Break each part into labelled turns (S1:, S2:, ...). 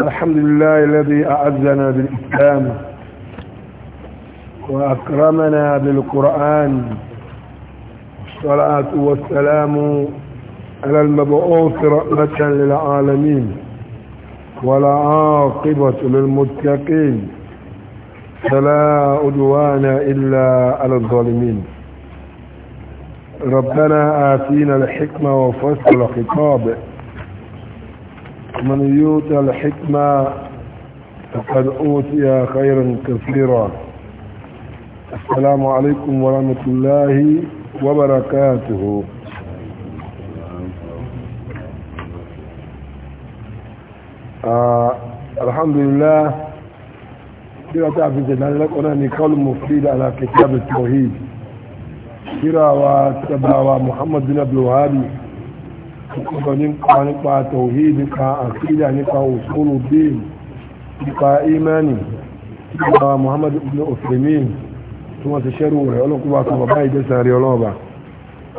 S1: الحمد لله الذي أعزنا بالإسلام وأكرمنا بالقرآن والصلاة والسلام على المبعوث رحمة للعالمين ولا عاقبة للمتقين فلا أدوان إلا على الظالمين ربنا آتينا الحكمة وفصل خطابه من يؤتى الحكمة فقد أوتي خيرا كثيرا السلام عليكم ورحمة الله وبركاته آه الحمد لله كيرا تعرف زمان لك أنا نقول مفيد على كتاب التوحيد كيرا وتبع محمد بن عبد الوهاب ìkọ̀kọ̀ nípa nípa tọ̀hí nípa àkídà nípa òṣòro bíi nípa imani nípa muhammadu ibn ọ̀fẹ̀mín tí wọ́n ti ṣẹ́rù rẹ̀ ọlọ́kùnbà kan bàbá ìgbésà rí ọlọ́ọ̀bà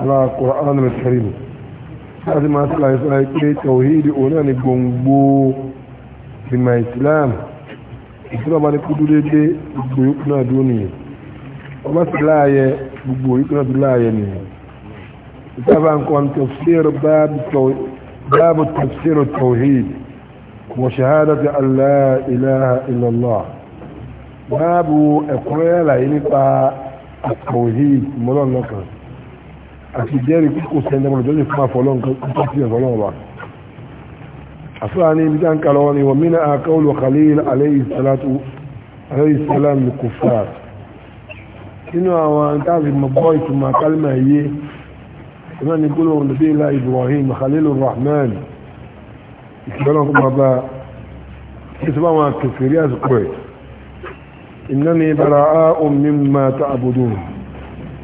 S1: alákùnrin alkarim láti máa tí láì sọ́ra pé tọ̀hídì òun ní gbòǹgbò ìmọ̀ islam ìtura bá ní kúdú gbogbo yókù náà nìyẹn طبعا تفسير باب باب التفسير التوحيد وشهادة أن لا إله إلا الله باب أقوال إنك التوحيد ملون لك أتجاري كيكو سيدنا من جوزي كما فلون كتفسير فلون الله أصلاني بدان كالوني ومن قول وخليل عليه الصلاة عليه السلام للكفار إنه أنت عزيز مبوي ثم كلمة هي كمان يقولوا النبي الله إبراهيم خليل الرحمن يقولون بابا اسمعوا كفريات كويس إنني براء مما تعبدون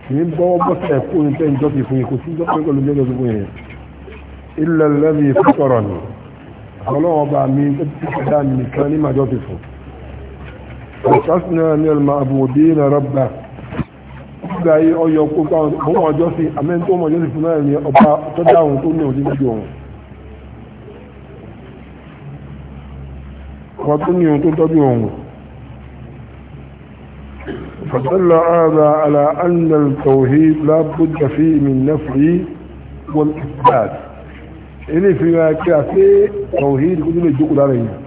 S1: من بابا سيكون انتين جاتي فيه كسين جاتي يقولون جاتي فيه إلا الذي فطرني خلوه بقى من تبتدان من كلمة جاتي فيه وشعثنا من المعبودين ربك síbi ayé ọyọ kókó àwọn ọjọ́ sí amẹ́ni tó mọ̀jọ́ sí fún náà ní ọba tó dáhùn tó ní òdí lójú ọ̀hún ọba tó ní òun tó tọ́jú ọ̀hún فدل هذا على أن التوحيد لا بد فيه من نفعه والإثبات ilé ìfihàn kí a sí tọ̀hìdì kó lè jókòó lára èèyàn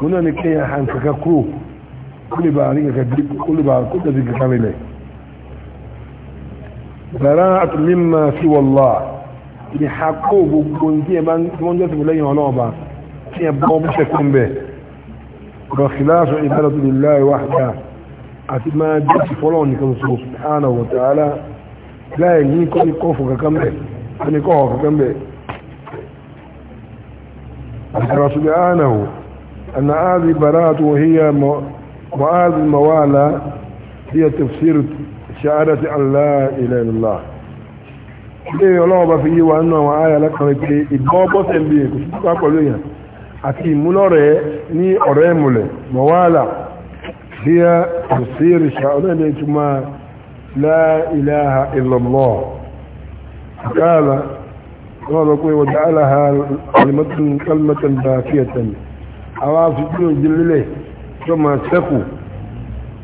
S1: múnà ní kí hàn kankan kúrò kó bá rí kankan bí kó lè bá kó tẹ̀sí kankan rẹ̀ براءة مما سوى الله ni hako gbogbo tí ẹ bá wọ́n jẹ́ tìbí lẹ́yìn ọlọ́ọ̀bá tí ẹ bọ́ bú ṣẹkùn bẹ̀ rọ̀kìláṣọ ìbáratù lèláì wáhádá àti máa jẹ́ ti fọ́lọ̀ nìkan so hánà wọ̀tàálá láì ní kọ́ ní kọ́fù kankan bẹ̀ ní kọ́fù kankan bẹ̀ ذكر سبحانه أن هذه براءة وهي معاذ الموالى هي تفسير شهادة أن لا إله إلا الله ilé ọlọ́wọ́ bá fi yé wa nínú àwọn ayà lẹ́kànrin pé ìgbọ́ bọ́sẹ̀ ń bí kò sí pípa pẹ̀lú èèyàn àti ìmúlọ́rẹ̀ẹ́ ní ọ̀rẹ́ ìmùlẹ̀ mọ̀wálà bí a kò sí ìrìṣà ọlọ́ẹ̀dẹ́ ìtumá la ilaha illallah àkáàlà pé wọ́n dáàlà ha kalimatan kalimatan bá fíyàtàn àwọn afikún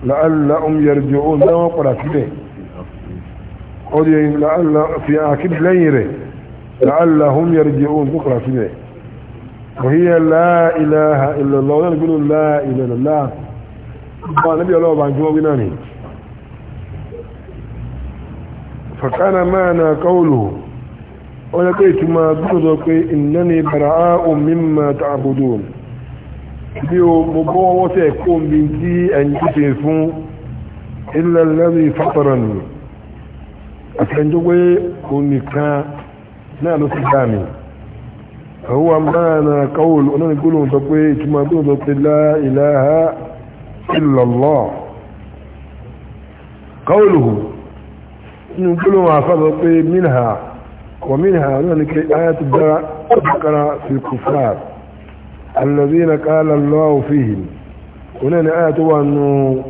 S1: لعلهم يرجعون ده وقرا كده قولي لعل في اكيد ليره لعلهم يرجعون وقرا كده وهي لا اله الا الله نقول لا اله الا الله النبي الله جوا بناني فكان معنى قوله ولقيت ما بلغ انني براء مما تعبدون bí o mo bọ́ ọwọ́ tẹ̀ kó mi tí ẹni tó ṣe fún ilẹ̀ lẹ́rìí fàtọ̀rọ̀ nù àtẹnjọ́gbé onìkan náà ló ti dà mí àwọn àmàna kawul onáni gbólóhùn sọ pé ìtumọ̀ gbólóhùn sọ pé la ilaha illallah kawuluhu inú gbólóhùn àfà sọ pé minha wa minha onáni kí ayatollah ọ̀dọ́kara fi kùfàr الذين قال الله فيهم هنا آية وأنه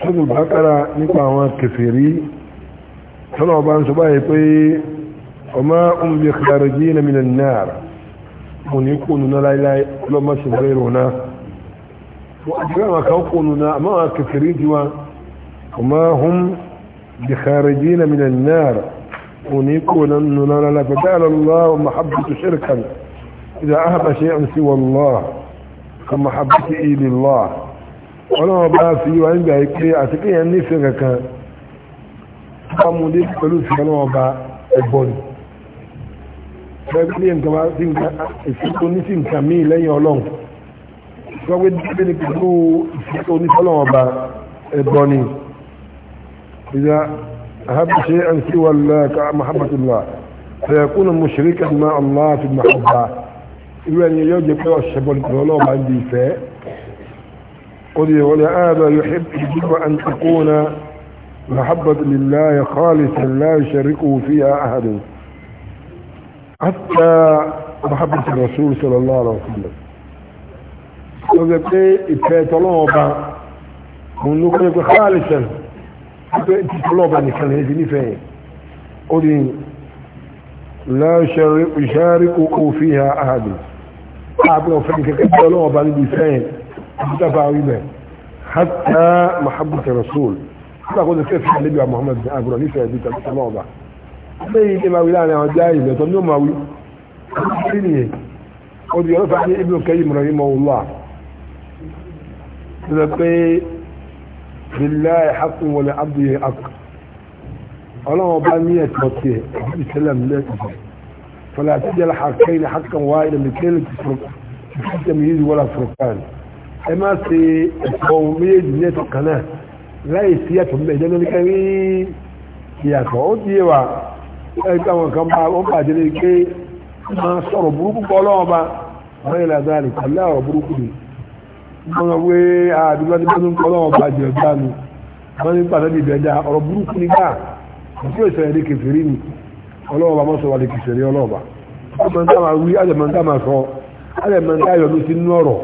S1: حفظ البقرة نقوى كفيري طلعوا بان سبايا وما هم بخارجين من النار هون هنا لا لا هنا سبريرونا وأجرام كوكوننا ما كفريتوا وما هم بخارجين من النار هون هنا لا لا فجعل الله محبة شركا إذا أهب شيئا سوى الله كمحبته لله ọlọ́run bá fi wá ń gbà yí pé àti pé yẹn nífẹ̀ẹ́ kankan bá mú dé pẹ̀lú ìfẹ́ ọlọ́run bá ẹ̀bọ ni fẹ́ẹ́ nǹkan bá sí nǹkan ìfẹ́tò ní sí nǹkan míì lẹ́yìn ọlọ́run wọ́n pé dípé ní pẹ̀lú ìfẹ́tò ní ọlọ́run bá ẹ̀bọ ni ìyá ahábìṣe ẹ̀ńsíwá lẹ́ka mahabatullah fẹ́ẹ̀kúnnà mushrika ma Allah fi mahabba يعني يوجد كل سبب لولو عندي فاء قضي ولا آبا يحب يجب أن تكون محبة لله خالصا لا يشركه فيها أحد حتى محبة الرسول صلى الله عليه وسلم يوجد كي إفاة لوبا من نقل يكون خالصا حتى إفاة لوبا نكال هذين فاء قضي لا يشارك يشاركه فيها أحد ààbẹ̀ ọ̀fẹ́ kẹ́kẹ́ tí ọlọ́wọ́ bá níbi ìfẹ́ yẹn ìdíjàfà rí bẹ̀ hátà mahabbata rasul nígbà kó ti fẹ́ fi àlejò Muhammad bin agbọ̀rọ̀ nífẹ̀ẹ́ bí tàbí ọlọ́wọ́ bá lẹ́yìn ilé máa wí láàrin àwọn jẹ́ ìlẹ̀ tó ní ó máa wí kí nìyẹn ó di ọlọ́fà ní Ibn Qayyim rahimahullah tó sọ pé billahi haqqun wọlé abdi haqq ọlọ́wọ́ bá ní ẹ̀tọ́ tiẹ̀ àbí ìsẹ́lẹ̀ mi lẹ́ẹ̀kì فلا تجعل حقين حقا واحدا لكي تفرق تمييز ولا فرقان اما في قومية جنية القناة لا يسيات المهدان الكريم يا سعود يوا كما كان بعض أمبا ما صار بروك قلوبا غير ذلك لا بروك دي wọ́n wé àdúgbò ní bọ́dún kọlọ́wọ́ bàjẹ́ ọ̀dá mi wọ́n ní pàtàkì ìbẹ̀dá ọ̀rọ̀ burúkú nígbà ìfúrẹ́sẹ̀ ọlọ́ọ̀bá mọ́ sọ wà lè kìsẹ̀rí ọlọ́ọ̀bá ọmọntàmà wí alẹ́mọ̀ntàmà sọ alẹ́mọ̀ntà yọ̀lú sí inú ọ̀rọ̀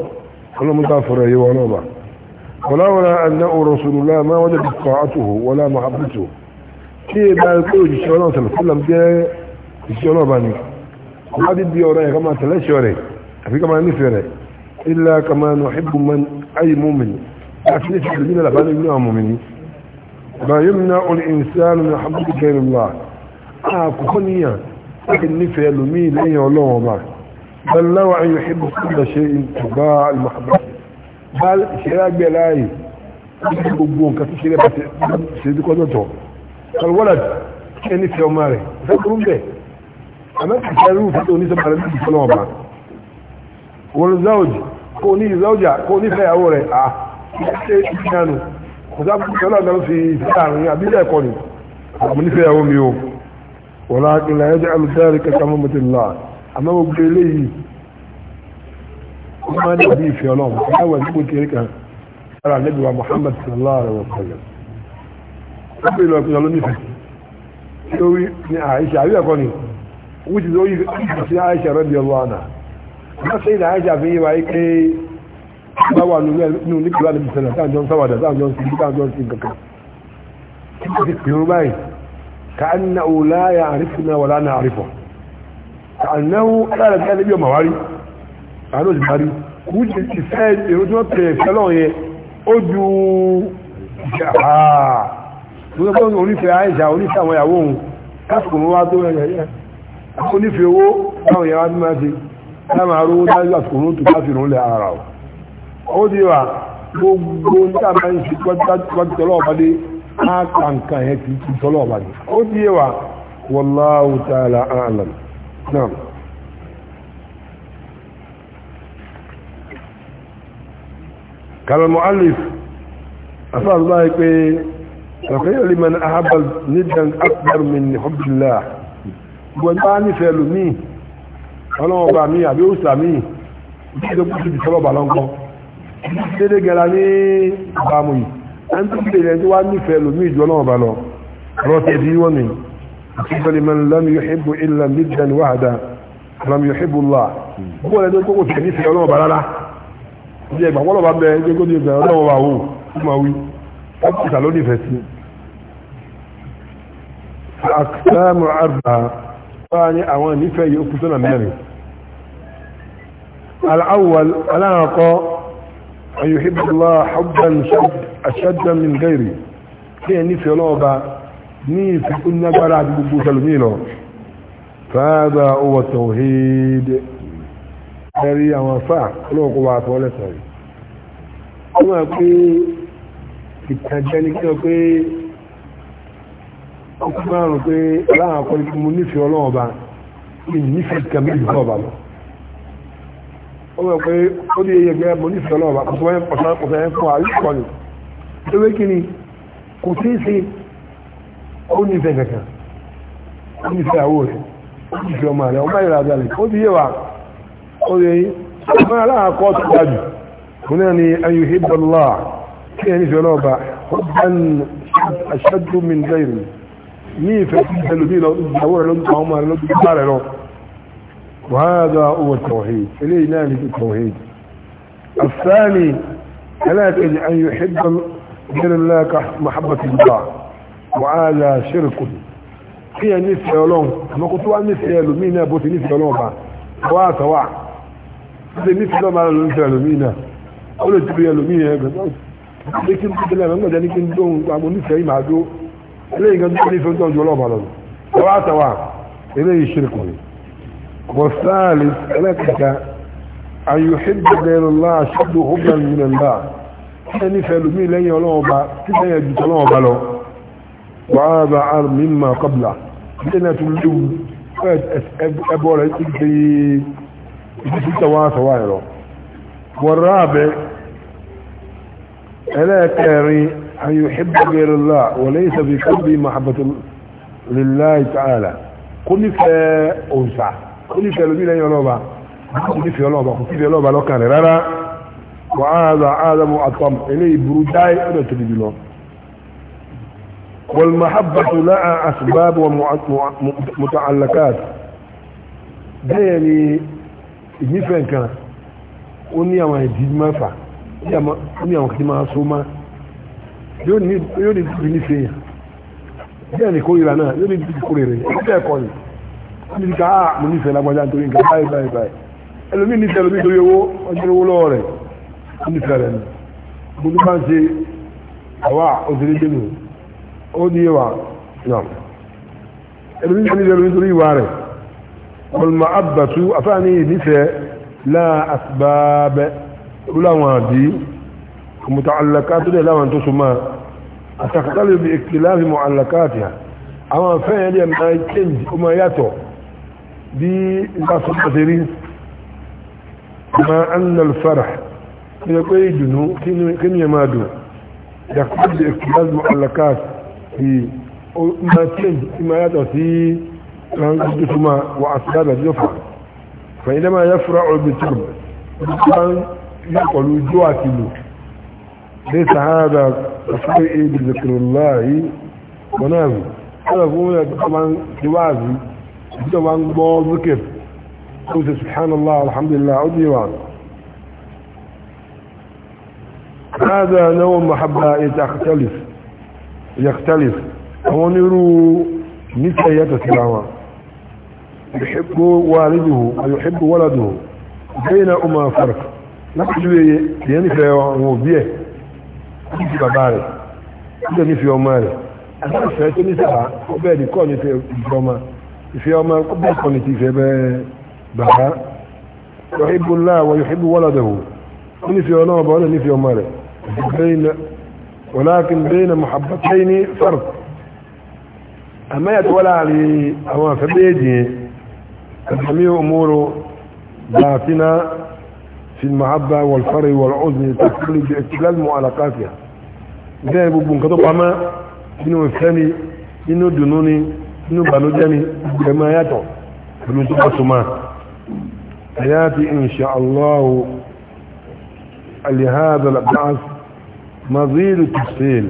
S1: ọlọ́mọntà fọ̀rọ̀ yíwọ ọlọ́ọ̀bá ọlọ́wọ́n àná rasulullah máa wọ́n dẹ̀bi kọ́ àtòhò wọlá mahabutu tí ẹ bá pé òjìṣẹ́ ọlọ́ọ̀ tẹ̀lẹ̀ fúlàm jẹ́ ìṣẹ́ ọlọ́ọ̀bá ni wọ́n ti di ọ̀rọ̀ yẹn kama tẹ̀lẹ́ṣẹ́ rẹ̀ àfi kama nífẹ̀ẹ́ rẹ̀ ilá kama nù hibbu man ayi mumini àti ní ìṣẹ̀lẹ̀ nínú àkókò níyàn láti nífẹ̀ẹ́ lómi lẹ́yìn ọlọ́wọ́ bá bẹ́lẹ́wà ayò ṣíbù kúlọ̀ ṣe ìtùbá alùmọ̀bá bá ìṣẹ́rẹ́ àgbẹ̀ láàyè ní gbogbo nǹkan tó ṣẹlẹ̀ bàtẹ́ ṣe dúkọ́ lọ́tọ̀ kalwọ́lá ṣe nífẹ̀ẹ́ ọmọ rẹ̀ fẹ́ kúrú bẹ́ẹ̀ àmẹ́kìkẹ́ rú fẹ́ tó nífẹ̀ẹ́ rẹ̀ níbi ìṣọ́lọ́wọ́ bá wọn záwòjì kó ní ìzáwòjà kó nífẹ̀ẹ́ àwọ̀ rẹ̀ à ṣe ìṣẹ́nu kò sábà ń fi ولكن لا يجعل ذلك كمامة الله أما مبتليه وما نبي في يوم أول يقول تلك على النبي محمد صلى الله عليه وسلم قبل لو كنا نفهم يوي ni Aisha abi akoni yi si Aisha radiyallahu Aisha bi wa ike ba wa nu nu ni kula ni sala ta jon sawada ta jon si ta jon si كأنه لا يعرفنا ولا نعرفه كأنه لا نتعلم بيه مواري قالوا زماري كوج الاتفاد يرجو بيفلون يه ojú ìṣàhà tó tọ́ onífẹ́ àìṣà onífẹ́ àwọn ìyàwó òun kásìkòrò wá tó ẹ̀yẹ̀ onífẹ́ owó láwọn ìyàwó tó máa ti láàmà rówó dájú àsìkòrò tó káfìrún lẹ ara ọ̀ ó dí wà gbogbo ní àmà ń ṣe pẹ́tẹ́lọ́ọ̀bádé a kà nǹkan yẹn kì í ti sọ́lọ́ ọ̀bà ni ó ti yé wa wallahu ta'ala a'lam náà. kalamu alif أسأل الله يقول فقيل لمن أحب ندا أكبر من حب الله وانتاني فعلمي أنا أبامي أبي أسامي إذا كنت بسبب على أنكم إذا قلني أبامي أنتم تلين وأن فعلوا ميج ولا بلو رتدي ومن قبل من لم يحب إلا ندا وحدا لم يحب الله هو الذي يقول تحديث ولا بلا يبقى ولا بلا يقول يبقى ولا هو ما هو تسألوني فاتي فأقسام أربعة ثاني أواني فيؤكسون مالي الأول ألا أقول أن يحب الله حبا شد أشد من غيره كي نفي لعبة نفي كنا برعد بقبو سلمينه فهذا هو التوحيد ẹ̀rí àwọn afá olóòkú wa fọ́ lẹ́sọ̀ rí ó máa pé ìtàjẹ́ ní kí o pé ọkùnrin márùn-ún pé láàrín akọ́ni mo nífẹ̀ẹ́ ọlọ́ọ̀ba nífẹ̀ẹ́ kàmí ìjọba lọ ọmọ pé ó ní eyẹ gẹ́gẹ́ bọ́ nífẹ̀ẹ́ ọlọ́ọ̀bá ọ̀sán fún àríkọ̀ ni tó wé kí ni kò tí í sí ó nífẹ̀ẹ́ kankan ó nífẹ̀ẹ́ àwọ̀ rẹ̀ ó nífẹ̀ẹ́ ọmọ rẹ̀ ọmọ ìlà àjálẹ̀ ó ti yé wa ó yẹ ọmọ aláàkọ́ tó dájú kò náà ni ayò hibballah kí ẹ nífẹ̀ẹ́ ọlọ́ọ̀bá ó dán aṣáájú mi ní ìfẹ́ ẹlòmí lọ ìyàwó rẹ̀ lọ́dún àwọn ọmọ rẹ̀ lọ́dún وهذا هو التوحيد إليه نالك التوحيد الثاني هلاك أن يحب من الله محبة الله وهذا شرك في نفسي ولون أما كنت أن نفسي مين أبوتي نفسي ولون سواء سواء نفسي ولون على نفسي ألومينا أولا تبري ألومينا لكن قلت لها مما جاني كنت دون تعمل نفسي مع دو إليه كنت نفسي ولون سواء سواء إليه شركه. والثالث لك أن يحب غير الله شد حبا من الله يعني فالمين لن يولوبا كيف يجتلوبا له وهذا عار مما قبله لنا تلو في تلتي تتواسى وائله والرابع ألا كاري أن يحب غير الله وليس في قلبي محبة لله تعالى كل فأوسع ó ìfẹ́ lómi lẹ́yìn ọlọ́ba ó ìfẹ́ ọlọ́ba kò sí ọlọ́ba lọ́kàn rẹ̀ rárá wà á àzà àzà mu àtọ́m eléyìí burú dáì ọ̀dọ̀ tóbi jùlọ. والمحبة لها أسباب ومتعلقات bẹ́ẹ̀ ni ìnífẹ̀ nǹkan ó ní àwọn ìdí mẹ́fà ó ní àwọn kìí máa so má yóò ní ìdí nífẹ̀ẹ́ yàn bẹ́ẹ̀ ni kórìíra náà yóò ní ìdí kórìíra yàn ó bẹ́ẹ̀ kọ́ ni ní ká ah, mo nífẹ̀ẹ́ lágbájá nítorí nǹkan báyìí báyìí báyìí ẹlòmíì nífẹ̀ẹ́ ẹlòmíì torí owó ọjọ́ owó lọ́wọ́ rẹ̀ ó nífẹ̀ẹ́ rẹ̀ ni mo ní máa ń ṣe àwa òṣèré dé nù ó ní ìwà náà ẹlòmíì nífẹ̀ẹ́ ẹlòmíì torí ìwà rẹ̀ ọlùmọ̀ àbàtú afáàní nífẹ̀ẹ́ láà àsìbáàbẹ̀ ó láwọn àdí mùtàlákàtú dẹ̀ láwọn tó so àtàkàtà lè bi ìkìlá fi mọ̀ àlákàtì àwọn afẹ́yẹn dẹ̀ máa ń kéǹdì ó máa yàtọ̀ دي الأصل أثيرين ما أن الفرح من أي قيدنه كن يمادو يقبل اكتلاز معلقات في ما تنج ما يتسي لانقدتما وأسباب يفرح فإنما يفرع بالترب كان يقول جواتلو ليس هذا تفريعي بذكر الله ونازل هذا هو طبعا جوازي ìjọba ń gbọ́ zikir ó sì subhanallah alhamdulillah ó díwà hádà náwọn mahabba ìtàkítàlif ìyàkítàlif àwọn onírú níta yàtọ̀ sí wọn yuhibbu waliduhu yuhibbu waladuhu bayna umma farq lápẹjúwe yẹn nífẹ̀ẹ́ àwọn òbí ẹ̀ nífẹ̀ẹ́ bàbá rẹ̀ nífẹ̀ẹ́ ọmọ rẹ̀ àti ìfẹ́ tó ní sáà ó bẹ́ẹ̀ في يوم القبر قلت بها يحب الله ويحب ولده من في يوم ابو ولد في يوم بين ولكن بين محبتين فرق اما يتولى لي او فبيدي تنمي اموره ذاتنا في المحبة والفرع والعزم تكفل باعتلال معلقاتها يعني. زين ابو بن كتب اما انه الثاني انه دنوني inú ìbànújẹ́ ni ẹ̀mọ́ yàtọ̀ pẹ̀lú tó bá súnmọ́ àyàfi insha allahu alihada labas mazilu tafsil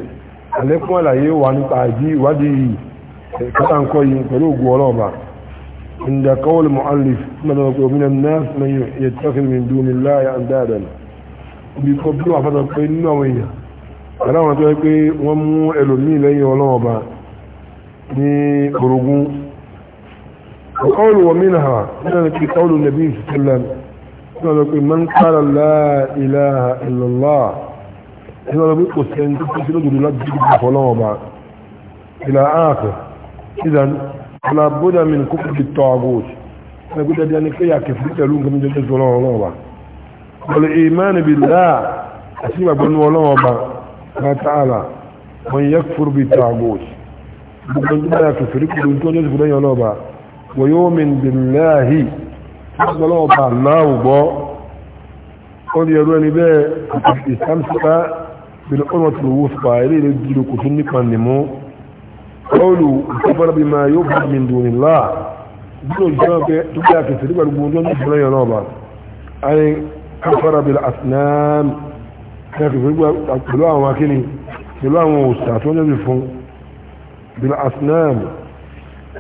S1: alẹ́kùn àlàyé wà nípa àjí ìwádìí kátàǹkọ́ yìí pẹ̀lú ògùn ọlọ́ọ̀bà عند قول المؤلف من الناس من يتخذ من دون الله أندادا بيقبلوا عفوا بيننا ويا أنا ومو إلومي لي ní orogún ọkọ̀ọ̀lù wọ mínà nínú kí kọlù nàbí ìsìtìlẹ̀ nínú lọ pé man kára láìlá ìlọ́lá nínú lọ pé kò sẹ́ni tó kí lójú lọ bí i fọlọ́wọ́ bá ìlà áàfẹ́ ìdán alábọ́dà mi kó kò fi tọ́ agbóòt nínú pé dáadáa ní pé yàkẹ́ fún ìtẹ̀lú nǹkan jẹ́ jẹ́ fọlọ́wọ́ bá wọlé ìmánu bí láà àti ìgbàgbọ́nú ọlọ́wọ́ gbogbo kẹfìrí kúrò tó ní ìsìnkú lẹ́yìn ọlọ́ọ̀bà wọ yóò min bìláhì ọlọ́ọ̀bà náà gbọ́ ó ní ẹrú ẹni bẹ́ẹ̀ ìsámsíta bí ní ọmọ tìlú wó fà ilé ilé jùlọ kò tún nípa nìmú ọlù ìsọ́fọ́nà bí máa yóò bá mi dùn nílá gbọ́dọ̀ jẹ́ ọ̀pẹ́ tó bá kẹfìrí pẹ̀lú gbogbo ní ìsìnkú lẹ́yìn ọlọ́ọ̀bà ayé káfàrà bí asnam kẹfìrí pẹ̀lú àwọn akíní pẹ̀lú àwọn òṣà tó ń bílá asnáàmù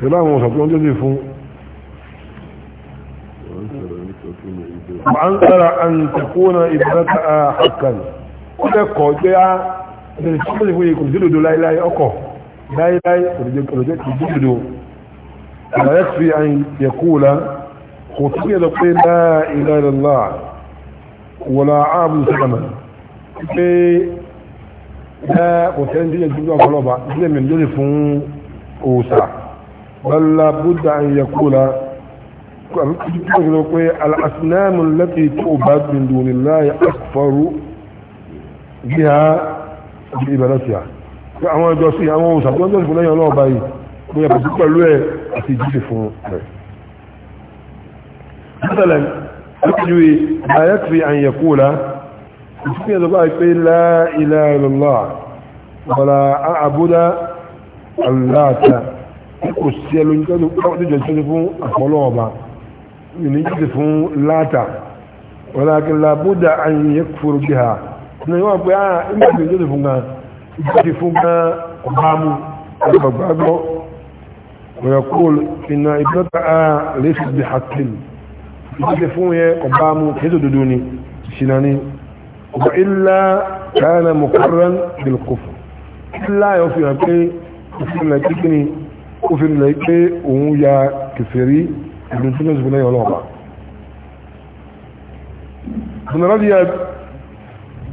S1: pẹ̀lú àwọn ọ̀sàtún ọjọ́ sí fún wọ́n tara an takuna ìbáta a hakan ó lẹ́kọ̀ọ́ jẹ́ á bẹ̀rẹ̀ tí wọ́n lè fún ikùn dídòdó láíláí ọkọ̀ láíláí òdòdó dídòdó àlàyé fi an kò tí yẹ lọ pé láà ilá wọ́n la áàbù sọ́nà ẹ kò sẹ́ni tó yẹ kí wọ́n kọ́ lọ́ba ilé mi lórí fún òòsà bala buddha ń yẹ kó la kó ló pé alásìnáàmù lẹ́tì tó bá dundun ní láàyè akọ̀fọ́rú bí ha bí ìbẹ̀rẹ̀ sí a pé àwọn ẹjọ́ sí àwọn òòsà tó ń jọ́sìn fún lẹ́yìn ọlọ́ọ̀ba yìí mo yẹ kó pẹ̀lú ẹ̀ àti ìjíṣẹ́ fún rẹ̀. مثلا يكفي أن يقول ìsìnkú ẹ̀dọ́gbà pé la ilaha illallah wala a'budu aláàtà kò sí ẹlò níjọ ìṣẹ́jú fún àpọ̀lọ́ọ̀bá ìní jíjẹ fún láàtà walakin la budda an yakfuru biha ní wọ́n pé àà ìmọ̀sí ìjọ́sí fún gan ìjọ́sí fún gan ọ̀bámu
S2: ọ̀gbàgbọ́
S1: ويقول إن ابنتها ليست وإلا كان مقرا بالكفر إلا يوفي هكي كفر لكيكني كفر لكي ويا كفري ابن سنس بن يولوما من رضي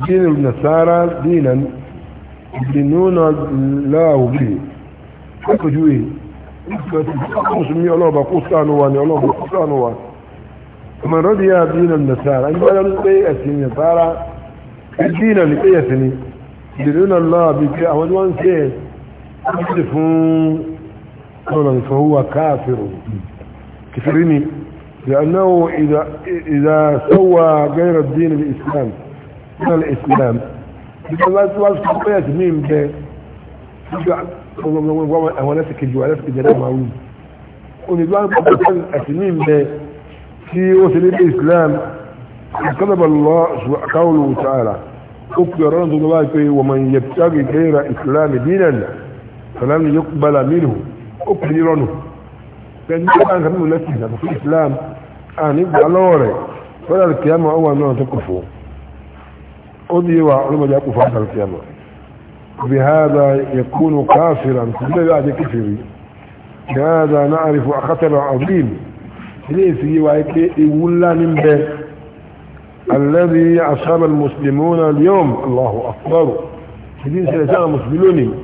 S1: دين النصارى دينا يدينون الله به فكجوه مسلمي ألوبا قصانوا واني ألوبا قصانوا واني من رضي دين النصارى أنت لا نبي أسين النصارى dínà ní péyẹ̀ sí ni ìdèrè lọ́lọ́ bí pé àwọn tí wọ́n ń tẹ́ ẹ̀ ṣe fún ọ̀rọ̀ ìfọwọ́wà káàfìrò kìfìrí ni lẹ́nàwó ìdásọ́wà gẹ́rọ dínà ní islam dínà islam nígbà láti wá sí péyẹ̀ sí ní ìbẹ́ àwọn ẹlẹ́sìn kejì wà ẹlẹ́sìn kejì ẹ̀dá máa wù ó ní bí wọ́n ń pọ̀ pẹ̀lú ẹ̀sìn ní ìbẹ́ tí ó ti ní islam كتب الله قوله تعالى اكبر رمض الله ومن يبتغي غير اسلام دينا فلن يقبل منه اكبر رمض كان يقبل كمين لسنا في الاسلام ان يقبل لوري فلا القيامة هو انه تكفو اضي وعلم جاكو فاتح القيامة بهذا يكون كافرا كل بعد كفري بهذا نعرف خطر عظيم ليه سيوا يكي يقول لا الذي أصاب المسلمون اليوم الله أكبر الدين سلسان المسلمون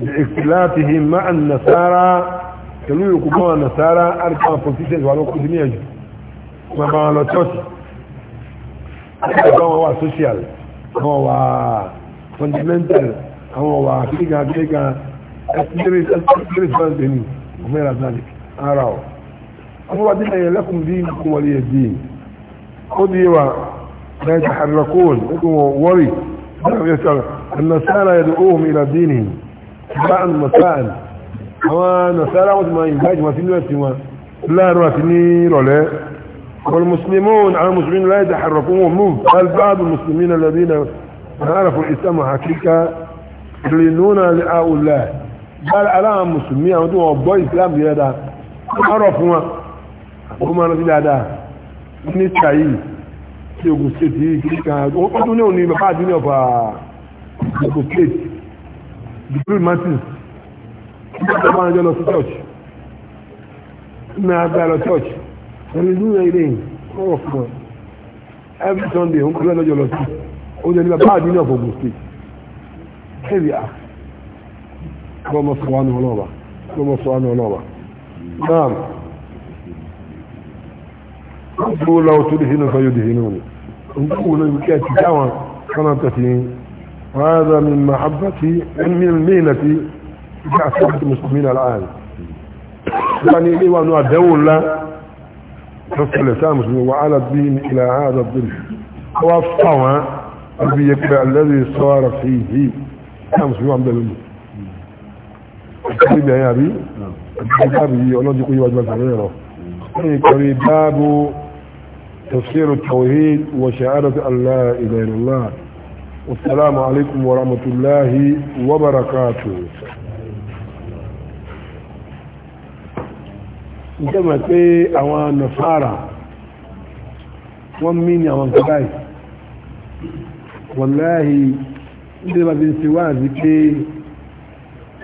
S1: باختلافهم مع النسارة كانوا يقومون النسارة أركان بوليتيشنز وعلى قدمية ما بقى على توتي كانوا هو سوشيال هو فاندمنتال هو كيكا كيكا أسمريس أسمريس فاندمين وميرا ذلك أراه أمر دين لكم دينكم ولي الدين قديوا لا يتحركون وري النصارى يدعوهم إلى دينهم سباء مساء هو نصارى ما ينجاج ما في تنواتي ما لا رواتني رولي والمسلمون على المسلمين لا يتحركون ومنهم قال بعض المسلمين الذين عرفوا الإسلام حقيقة يعلنون لأولاه قال على المسلمين عندهم أبو إسلام بيدا عرفوا وما رضي هذا mínísítà yìí tí Ògùn state yìí kìí kan ó tún ní òní bàbá àti ní ọ̀fà Ògùn ah, state degree martins kí wọ́n tó máa ń jọ lọ sí church ní agbá lọ church ẹni ní ìyá ilé yìí fún ọ every sunday ó ń kúrẹ́ lọ́jọ́ lọ sí ó jẹ́ ní bàbá àti ah, ní ọ̀fà state kẹ́rì à kọ́ ọmọ sọ̀wánú ọlọ́ọ̀bà náà dúró lọ́wọ́ tó dìhínú kan yóò dìhínú ni nkú ló yìí kí ẹ ti dáwọn kánà tẹ̀sí wàhálà mi mahabati mílínàtì ìjà àti mùsùlùmí náà láàrin nígbà ní ilé wa nù àdẹ́wò ńlá lọ́sẹ̀lẹ̀ sáà mùsùlùmí wàhálà bí ilà àádọ́ bìrì wá fáwọn àbí yẹ pé alẹ́rì sọ́ra fi yìí sáà mùsùlùmí wà ń bẹ̀rẹ̀ mu ìkàrí bẹ̀rẹ̀ àbí ìkàrí báàbì yìí ọlọ́dún kó yíwájú àgbàdo rẹ̀ rọ̀ wọ́n ní ìkàrí báàbù تفسير التوحيد وشهادة أن لا إله إلا الله والسلام عليكم ورحمة الله وبركاته ìjọba pé àwọn nàfàrà wọ́n mí ní àwọn kàbáì wọ̀láhì ìjọba bí ṣe wá àti pé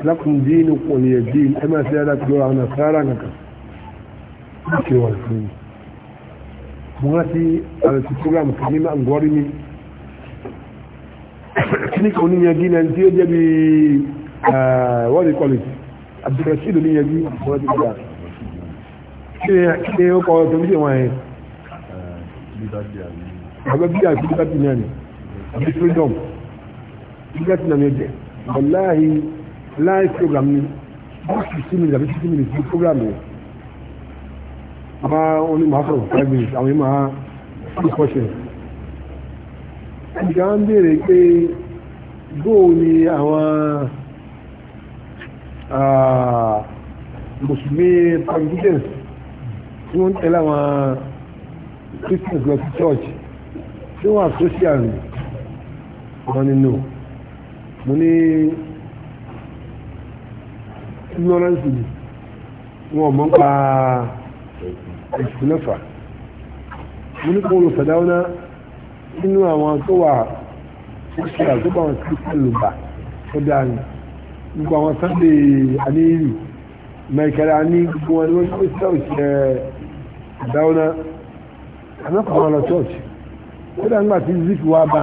S1: lákùndínú pọ̀lẹ̀dín ẹmà sí adájọ́ àwọn nàfàrà kankan láti wà fún yìí mo rántí àrètí program kan ní àǹgọ́rí mi kíníkà oníyanjú náà tí ó jẹ́ bí wọ́n ní college abdulrasheed oníyanjú wọ́n ti gbà kíni ó kọ́ tó ń jẹ́ wọ́n yẹn àbẹ́ bí àti liberty náà ni àbí freedom liberty náà ni ẹ̀jẹ̀ wọ́n program ni wọ́n sì sí mi àbí àmá wọn ní máa sọ̀rọ̀ five minutes àwọn yìí máa fi kọ́ṣẹ̀ ìgbà ń béèrè pé góò ni àwọn mùsùlùmí practitioners tí wọ́n ń tẹ̀lé àwọn christians lọ church tí wọ́n associate rẹ̀ wọ́n no mo ní ignorance ni wọn mọ̀ ń pa ìsìnlẹ́fà mo ní kó olùfẹ̀dáwọ́ná nínú àwọn tó wà ṣíṣe àgbébà wọn sí ìlúbà tó dáa ní gbogbo àwọn sunday aníyìí mẹ́kẹ́rẹ́ aní gbogbo wọn ni wọ́n ṣe church ẹ̀ ìdáwọ́ná anákọ̀ọ́ wọn lọ church ó dá nígbà tí zik wá bá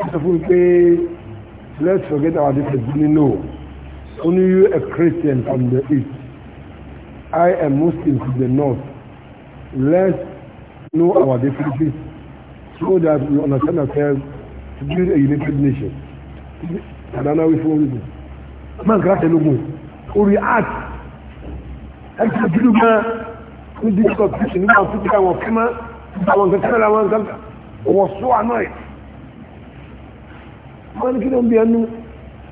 S1: a sọ fún mi pé let's forget our difference nínú o only you a Christian from the east I am Muslim to the north. Let's know our differences so that we understand ourselves to build a united nation. Àdáná wí fún orígun. Máa kìlá tẹ̀lógún. Orí art. Ẹ̀ka dúdú gan. Ní difficult position nígbà tó ti ká wọn kí máa. Àwọn nǹkan tẹ́lẹ̀ àwọn nǹkan wọ̀ so annoyed. Wọ́n ní kí ló ń bí ẹnu.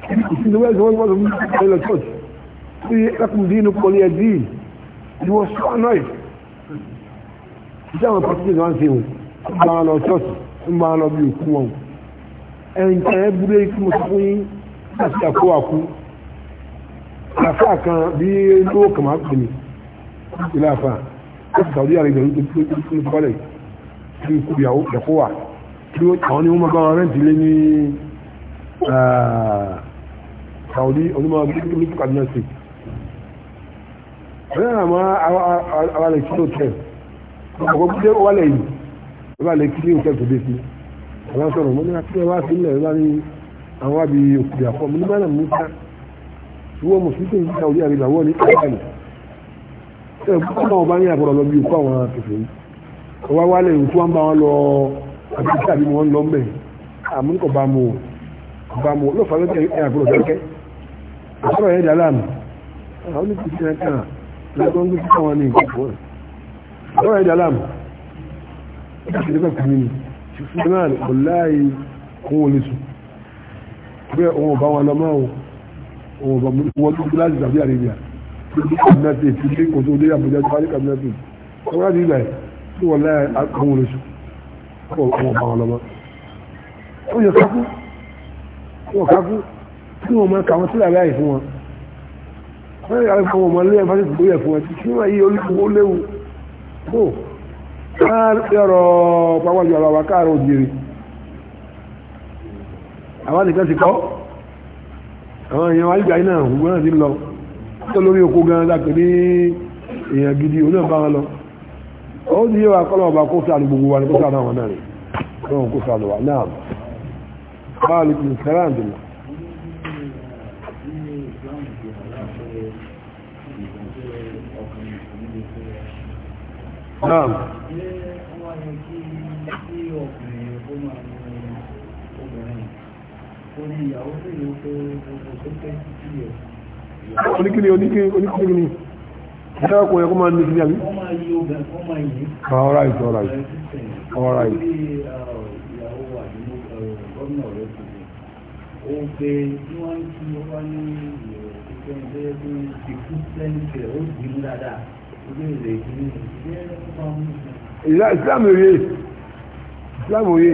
S1: Kò sí ìdíwọ́ ẹ̀sìn wọ́n ti wọ́n sọ fún mi. Ẹ̀lọ́ church. Bí ẹkùn dín ní kò ní ẹ̀ dín he was so annoyed ìjáwọn pàtíkì náà ṣe wò ń bá lọ ṣọ́ọ̀ṣì ń bá lọ bí òkú wọn ẹ̀yìn kan ẹ búrẹ́ kí mo fún yín láti àkó àkú àfà kan bí lówó kàmá pè mí ìlà àfà ó ti sàwọ́dí àrẹ ìgbẹ̀rún tó tó tó tó bọ́lẹ̀ kí ikú ìyàwó ẹ̀kọ́ wà kí àwọn ni wọ́n máa bá wọn rẹ́ǹtì lé ní ah, sàwọ́dí onímọ̀ bí kí ló tó kàdínà state náà àmọ́ àwọn àlè kílò tẹ̀ ọkọ̀ gbé wálẹ̀ yìí wọ́n bá lè kílò tẹ̀ tó dé sí àwọn sọ̀rọ̀ mọ́ ní akílẹ̀ wá sí ilẹ̀ wá ní àwọn àbí òkùnrin àkọ́ mo ní bá nà mú ká wọ́n mọ̀ sí tó ń ta orí àríwá wọ́n ní káàkiri ẹ̀ bọ́n náà bá ní àbọ̀rọ̀ lọ bí òkú àwọn akẹ́kẹ́ yìí ọwọ́ wálẹ̀ yìí tí wọ́n bá wọn lọ àbíkí àbí wọn lọ mẹ́ àmúkọ̀ bá mu bá mu lọ́fà lọ́tẹ̀ ẹ̀ àbúrò kẹ́kẹ́ àbúrò yẹn dà láàmú àwọn oníkùnrin kan látọ́ ń gbé sí àwọn ní ìgbàgbọ́ rẹ̀ lọ́rọ̀ ẹ̀dà láàmù ìdíkà kìíní ni ṣùgbọ́n náà ọ̀láì kún wọlé sùn bẹ́ẹ̀ òun ọba wọn lọ́mọ́ òun ọba wọn tó gbé láti sàbí àrẹ́bíà tó gbé kàmínàtì tó gbé kòtò dé àbújá tó wáyé kàmínàtì tó wáyé nígbà yìí tó wọ́n láì kún wọlé sùn òun ọba wọn lọ́mọ́ ó yẹ kákú ó yẹ kákú tí wọ́n máa kà wọ́n sílẹ̀ láì fún wọn wọ́n yà fún ọmọ ilé ẹ̀fọ́ tó yẹ fún ẹtì kí wọ́n yí olùkọ́ léwu kó káàrọ̀ pàwọ́jọ ara wa káàrọ̀ òjìrì àwọn nìkan ti kọ́ àwọn èèyàn wáyé gbáyé náà gbogbo náà ti lọ tó lórí oko gan dàpẹ́ ní èèyàn gidi òun náà bá wọn lọ ó ti yé wa kọ́ lọ́wọ́ bá kó sáà ní gbogbo wa ní kó sáà náà wọn náà rè Naam. Oníkiri oníkiri oníkiri ni. Ìjọba kò yẹ kó máa nìkiri àbí? All right, all
S2: Ó gbé níwájú tí ó wá ní
S1: ìlà islam òye islam òye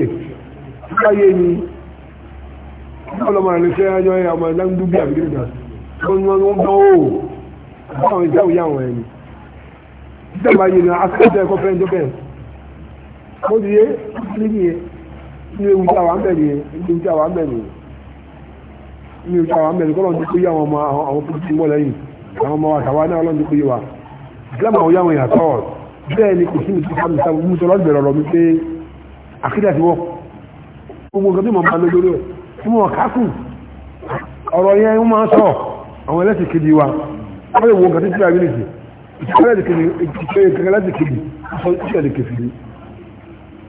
S1: nípa yé ni ọlọ́mọ rẹ̀ lẹ́sẹ̀ ẹjọ́ ẹ̀ ọmọ ẹ̀dá ń dúbí àbíkí nìkan wọ́n ní wọ́n gbọ́ ó báwọn ìjà òye àwọn ẹ̀yìn títẹ̀ bá yé ni asọ́tẹ̀ ẹ̀kọ́ fẹ́ ẹjọ́ bẹ́ẹ̀ ó ti yé ní kí yé ní ewu tí àwọn àmbẹ̀ nìyẹn ní ewu tí àwọn àmbẹ̀ nìyẹn ní ewu tí àwọn àmbẹ̀ nìyẹn kọ́ lọ́n ti kó yé àwọn ọmọ àwọn pọ́lítì islam àwọn yàwọn èèyàn tọ́ bẹ́ẹ̀ ni kò sí nìkan sáà nìkan mú sọ lọ́gbẹ̀rẹ̀ ọ̀rọ̀ mi pé àkídà ti wọ́ gbogbo nǹkan tí mo máa lójó rẹ̀ tí mo kà kù ọ̀rọ̀ yẹn wọ́n máa sọ àwọn ẹlẹ́sìn kejì wa wọ́n lè wo nǹkan tí tí wàá bílẹ̀ sí ìtìkẹ́lẹ́sì kejì ìtìkẹ́lẹ́sì kejì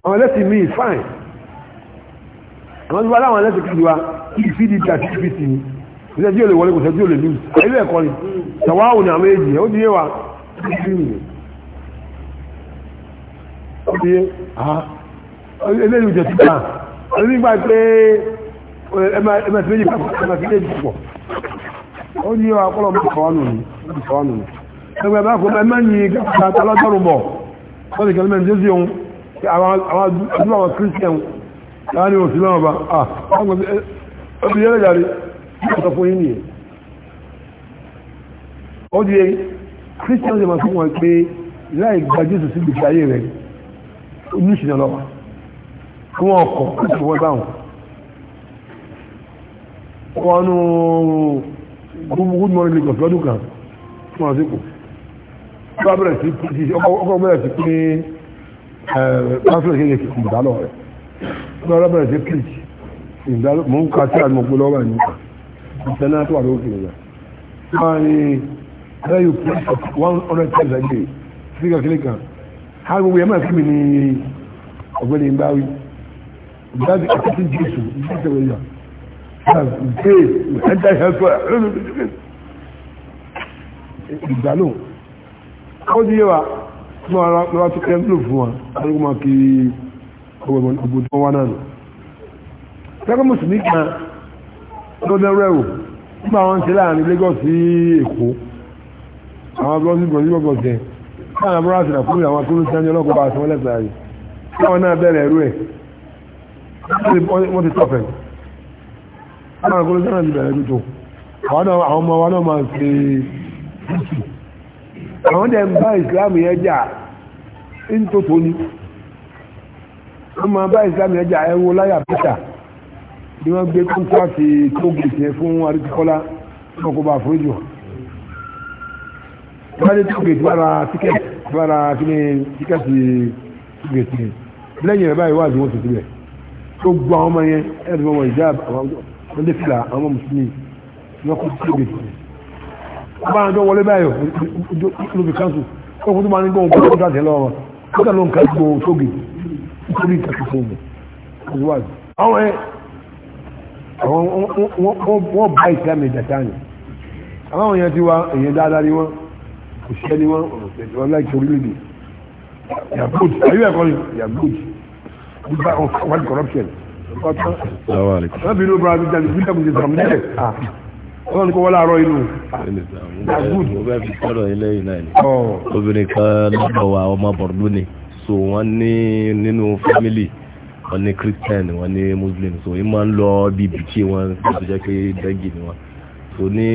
S1: àwọn ẹlẹ́sìn míì fine àwọn ìwà láwọn ẹlẹ́sìn kejì wa ìfìdí àti ìfìsì ní ìṣẹ́jú ò lè wọlé kò ṣẹ́jú ò lè ní ilé ẹ̀kọ́ ni ṣàwáwò ní àwọn èjì ó di yé wa eléyìí jẹ ti tán ọdún nígbà pé ẹmẹsì méjì pàpọ̀ ẹmẹsì méjì pọ̀ ó ní ọ akọ́lọ̀ mọ́kànlọ́nù ní ẹgbẹ́ bá kò mẹ́mẹ́ ní gàtà lọ́dọ́rùn bọ̀ wọ́n ti gẹ̀lẹ́mẹ́ jésù ohun àwọn àdúrà wọn kírísítẹ̀n láàrin òsì náà bá ọdún yẹ́rẹ̀ yàrí ọ̀sọ̀ fún yìí nìyẹn christian lè máa fún wọn pé láì gba jésù sí gbèsè ayé rẹ oníṣìnà lọ fún wọn ọkọ kí wọn bá wọn wọn nù good morning lagos lọ́dún kan fún wọn sípò ọkọ̀ bẹ̀rẹ̀ sí pé eh, pamphlet kéde kí kùmùdá lọ rẹ̀ ọkọ̀ bẹ̀rẹ̀ sí preach mọ̀ ń ka tí a mọ̀ pé lọ́wọ́ ẹ̀ nípa ìtẹ́ná tó wà lókè rẹ̀ ẹ̀rọ yóò pray for one hundred times a day síkà kílé kan ha gbogbo yẹn máa fi mi ní ọ̀gbẹ́ni ìgbàwí ìgbàdí àtẹ́sí jésù ní ìṣẹ̀lẹ̀ yìí ṣe ẹ̀dá ìhẹ́sọ́ ìgbàlù ó di yẹ wa fún ara lọ́wọ́ tó kẹ́ ló fún wa alùpùpù máa kí ọgbọ̀n tó wá náà nù. pẹ́kọ́ mùsùlùmí kan lọ́dọ̀ rẹ̀ wò nígbà wọn ṣe láàrin Lagos sí Èkó àwọn blọọsì gbòòsì gbòòsì tẹ káwọn abúlé àti nàkúrú àwọn akúrú sẹ́ni ọlọ́kọ̀ bá àtúnwọ́ lẹ́sẹ̀ ààrẹ káwọn náà bẹ̀rẹ̀ ẹ̀rú ẹ̀ wọ́n ti tọ̀fẹ̀ káwọn akúrú sẹ́ni ti bẹ̀rẹ̀ ẹ̀rú tó àwọn ọmọ wa náà máa ń ṣe àwọn dẹ̀ ń bá ìsìlámù yẹn jà ń ni wọ́n máa bá ìsìlámù yẹn jà ẹ láyà pítà ni wọ́n gbé kọ́ńtàkì tó gbèsè fún arítikọ́lá ọkọ̀ bá àforíjì wọn wọ́n ti tókè tí wọ́n ra tíkẹ́tì tí wọ́n ra kíní tíkẹ́tì tíkẹ́tì yẹn lẹ́yìn rẹ̀ báyìí wà ní wọ́n ti síbẹ̀ tó gbọ́ àwọn ọmọ yẹn ẹ̀rọ wọn ìjà àwọn lè fìlà àwọn mùsùlùmí wọn kò tíkẹ́tì yẹn wọ́n bá wọn jọ wọlé báyìí ló fi káńtù tó kó tó máa ń gbọ́ nǹkan tó dáadé lọ́wọ́ wọn ló ń ká gbọ́ tóge nítorí ìtàkùn fún mi àwọn ẹ ni àwọn èèyàn ti wá èèyàn dáadáa ni wọ́n kò sí ẹni wọn wọn láìsí orílẹ̀-èdè yàgòd ayé ẹ̀kọ́ ni yàgòd nípa wọn corruption ọ̀tọ́ wọn bí inú bọ́ra bí jáde bí jáde bí jáde nílẹ̀ wọn kò wọlé àárọ̀ inú yàgòd.
S2: mo bẹ́ẹ̀ fi sọ̀rọ̀ ilé yìí náà ni obìnrin kan lọ́dọ̀ wa ọmọ bọ̀rọ̀dún ni so wọ́n ní nínú fámìlì wọ́n ní christian wọ́n ní muslim so yìí máa ń lọ bíi bìkì wọn tó jẹ́ pé dẹ́gì ni wọn so ní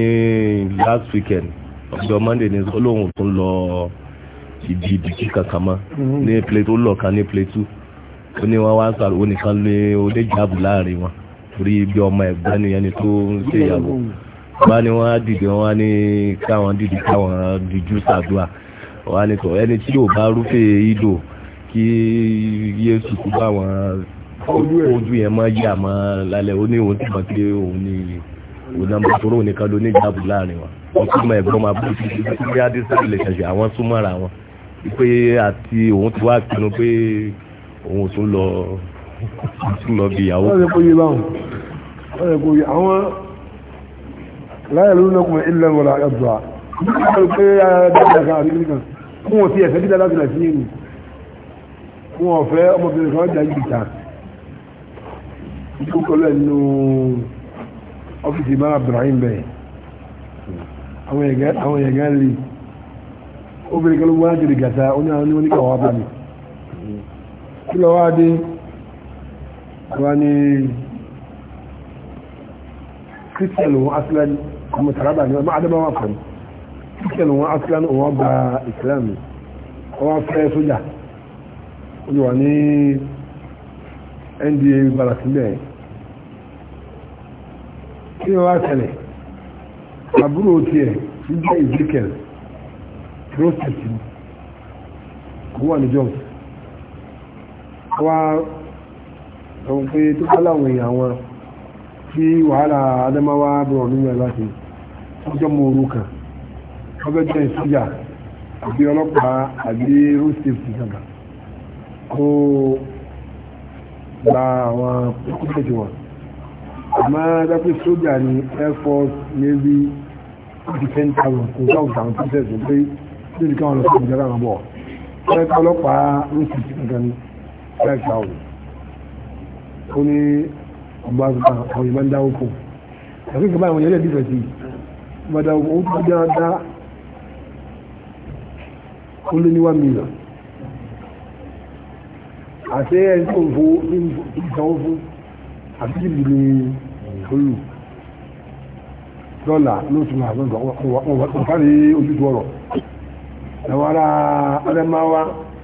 S2: last weekend ọjọ́ monday ní olóhùn tó ń lọ ibi ìdìkí kankan mọ́ mm-hmm. ní plate ó lọ kan ní plate two ó ní wọ́n wá ń sàrò nìkan lé oníjàbù láàrin wọn torí bí ọmọ ẹ̀gbọ́n nìyẹn ni tó ń ṣèyàwó bá ní wọ́n dìde wọ́n á ní káwọn dìde káwọn dìjú sàdúà wọ́n á sọ ẹni tí yóò bá rúfẹ́ ìdò kí yéésù kú bá wọn ojú yẹn mọ́ yí àmọ́ lálẹ́ ó ní òun tí wọ́n ti òun ní nọmba tóró nìkan ló ní ìjábù láàrin wa wọn tún mọ ẹ̀gbọ́n máa bú títí títí bí adéṣà lè ṣẹṣẹ àwọn súnmọ́ra wọn pé àti òun ti wá pinnu pé òun tún lọ tún lọ bí ìyàwó. wọ́n lè
S1: kó yé báwọn wọ́n lè kó yé àwọn láyé ló lọ́kùn mọ́ ilẹ̀ wọ̀lá ẹ̀bùrà wọ́n lè pé dáadáa kan àti kíkan fún òsì ẹ̀fẹ́ dídá láti rẹ̀ sí yìí wọn ò fẹ́ ọmọbìnrin kan jà yìí ta ìkókò lẹ́nu ọ́fíìsì imam abdulrahim bẹ́ẹ̀ àwọn ẹ̀gán lè obìnrin kan ló wá jìrì gàtà oní àwọn oníwọ́n níkà wá bá mi kí lọ wá dé wá ní christian wọn aslan ọmọ taraba ní ọmọ adamawa kan christian wọn aslan wọn gba islam wọn fẹ́ sójà ó ní nda balasi kí wọ́n wá ṣẹlẹ̀ àbúrò tiẹ̀ ń jẹ́ Ezekiel prostate ni kò wà ní jọ́s wá ọ̀hún pé tó bá láwọn èèyàn wọn tí wàhálà Adamawa bọ̀rọ̀ nínú ẹ̀ láti ọjọ́ mọ orú kan ọgbẹ́ jẹ́ ìsújà àbí ọlọ́pàá àbí road safety kankan kó gba àwọn pẹ́kúpẹ́tì wọn àmọ́ dápé sójà ní air force navy defense tower kò sáwùn tàwọn tó tẹ̀sọ̀ pé níbi káwọn lọ sọ̀rọ̀ ìjọba àwọn bọ̀ ẹ̀ka ọlọ́pàá ń sì ti nǹkan ní five thousand ó ní ọba àwọn ìbá ń dáwó kù àti ìgbà àwọn ìyẹlẹ̀ bí fẹ̀sì ìbá dáwó kù ó ti dáadáa ó lé ní one million àti ẹni tó ń fowó ń sanwó fún àbíjìbì ní olù dọ́là lóòtù àgbẹ̀gbọ̀nfàrí ojútù ọ̀rọ̀ ẹ̀wọ̀n ara alẹ́máwá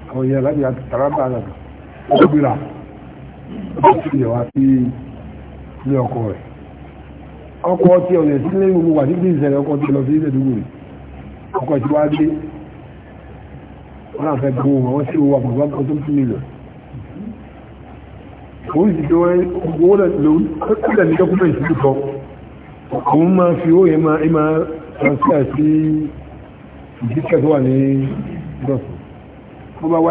S1: àwọn èèyàn láti àtàràbà àgbà ó gbéra ìyẹ̀wà sí ilé ọkọ̀ rẹ̀ ọkọ̀ tí ọ̀nà tí lè mú wà nígbì ìṣẹ̀lẹ̀ ọkọ̀ tí lọ sí ilẹ̀ dúgbò rẹ̀ ọkọ̀ tí wá dé wọ́n àfẹ́ gbogbo wọn sí owó àpòpọ̀ tó tún nílò òun sì tó owó lẹ́lẹ́ ní dọ́kúmẹ̀ntì lùkọ́ máa fi owó yẹn máa ima transfer sí ìdíkẹ́ tó wà ní dọ́sùn wọ́n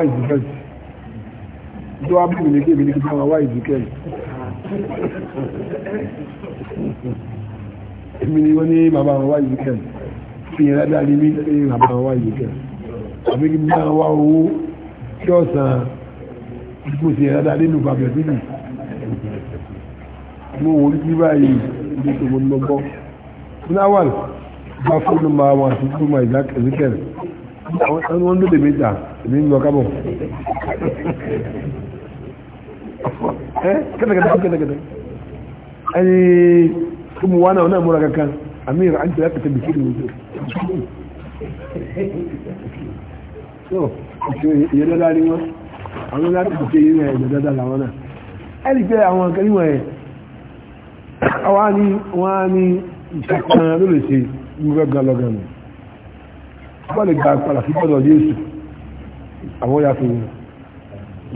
S1: wọ́n ní bàbá wọn wá ìdíkẹ́ fi yẹn ládàá ní mí bàbá wọn wá ìdíkẹ́ àbí kí owó kí ọ̀sán ìdíkò sí ẹ̀rọ nínú bàbẹ̀ nínú mo wò ní bí báyìí ní ìṣòwò lọ́gbọ́ fúláwàl bá fóònù ma wọn àti fóònù ma ìjà ẹ̀zíkẹ̀rẹ̀ àwọn wọn lóde méjà èmi ń lọ kábọ̀
S2: kẹ́tẹ̀kẹ́tẹ̀
S1: kẹ́tẹ̀kẹ́tẹ̀ ẹni tó mu wá náà náà múra kankan àmì ìrà àti ìrẹ́pẹ̀tẹ̀ bìkì ní ojú so ìṣòro ìyẹn lọ́la ni wọ́n àwọn láti ṣe ìrìn ẹ̀jẹ̀ dáadáa làwọn náà ẹ̀rì pé àwọn akẹ́lìwọ̀n ẹ̀ wọ́n ní wọ́n ní ìṣàkàn ló lè ṣe gbọ́gbọ́n lọ́gbọ̀n wọ́n lè gba padà sí gbọ́dọ̀ Jésù àwọn ya fi wọn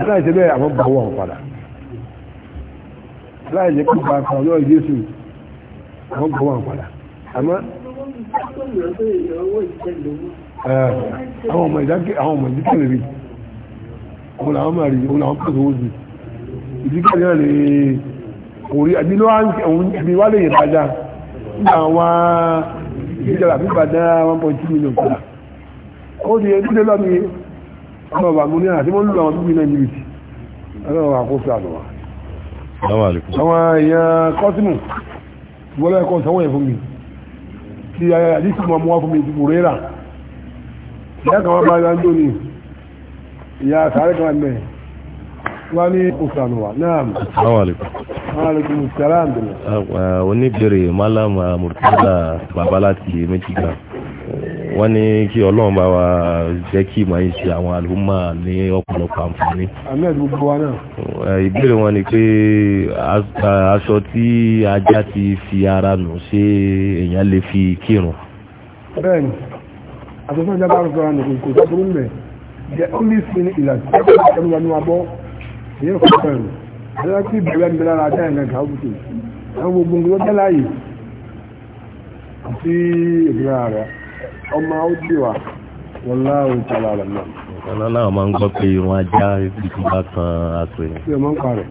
S1: láì jẹ́ bẹ́ẹ̀ àwọn gbọ́wọ́ àwọn padà láì jẹ́ kí gbàgbà lọ́wọ́ Jésù àwọn gbọ́wọ́ àwọn padà àmọ́ àwọn ọmọ ìdákẹ́ àwọn ọmọ ìdíkẹ́ lè rí òun làwọn máa rí òun làwọn pèsè owó sí ìdíkà náà lè orí àbí ló wá ń kẹ òun ibi wá lè yẹ dáadáa nígbà àwọn ìdíjọba àbí ìbàdàn one point two million kọ́lá ó ti yẹ kúlẹ̀ lọ́mi ọmọ bàbá mo ní àti mo ń lu àwọn tó bí náà níbi tí ọlọ́run àkóso àdùnwà. àwọn èèyàn kọ́símù bọ́lá ẹ̀kọ́ sanwó yẹn fún mi ti eh, àdìsí mọ́ mọ́ fún mi ti bùrẹ́rà ìyá kan wá bá yá ń dóni ìyá sáré kan mẹ́ wọ́n ní òkànùwà náà alaikum salam
S2: eh, oníbèrè malam eh, murtala bàbá láti méjìlá wọ́n ní kí ọlọ́run bá wa jẹ́ kí ìmọ̀ yìí ṣe àwọn àlùmà ní ọ̀pọ̀lọpọ̀ àǹfààní.
S1: ahmed gbogbo wa náà.
S2: Eh, ìbéèrè wọn ni pé aṣọ tí ajá ti fi ara nù ṣé èèyàn lè fi kírun.
S1: bẹ́ẹ̀ni àtúntò ìjábá rẹ sọra nìkan kò tó burú mẹ the only thing is that ẹ̀kọ́ ìṣẹ́nu wa ní wa bọ́ èyí ń fọ́pọ̀ ẹ̀rù ẹ̀rọ tí ìbẹ̀rẹ̀ ń bẹ̀rẹ̀ ara dáhìn náà kàá bùtù àwọn gbogbo ń gbọ́ tẹ́lá yìí àti ìbẹ̀rẹ̀ ara ọmọ áwùjọ wa wọn láwọn ìtàlá rẹ̀ náà.
S2: ọlọ́lá ọmọ ń gbọ́ pé irun ajá ìdíjú bá kan aṣọ yẹn. ṣé ọmọ ń parẹ́?